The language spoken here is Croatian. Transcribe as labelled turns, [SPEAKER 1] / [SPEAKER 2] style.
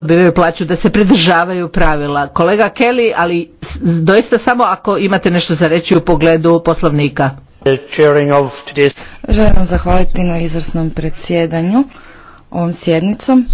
[SPEAKER 1] dobivaju plaću da se pridržavaju pravila. Kolega Kelly, ali doista samo ako imate nešto za reći u pogledu poslovnika. Želim vam zahvaliti
[SPEAKER 2] na izvrsnom predsjedanju ovom sjednicom.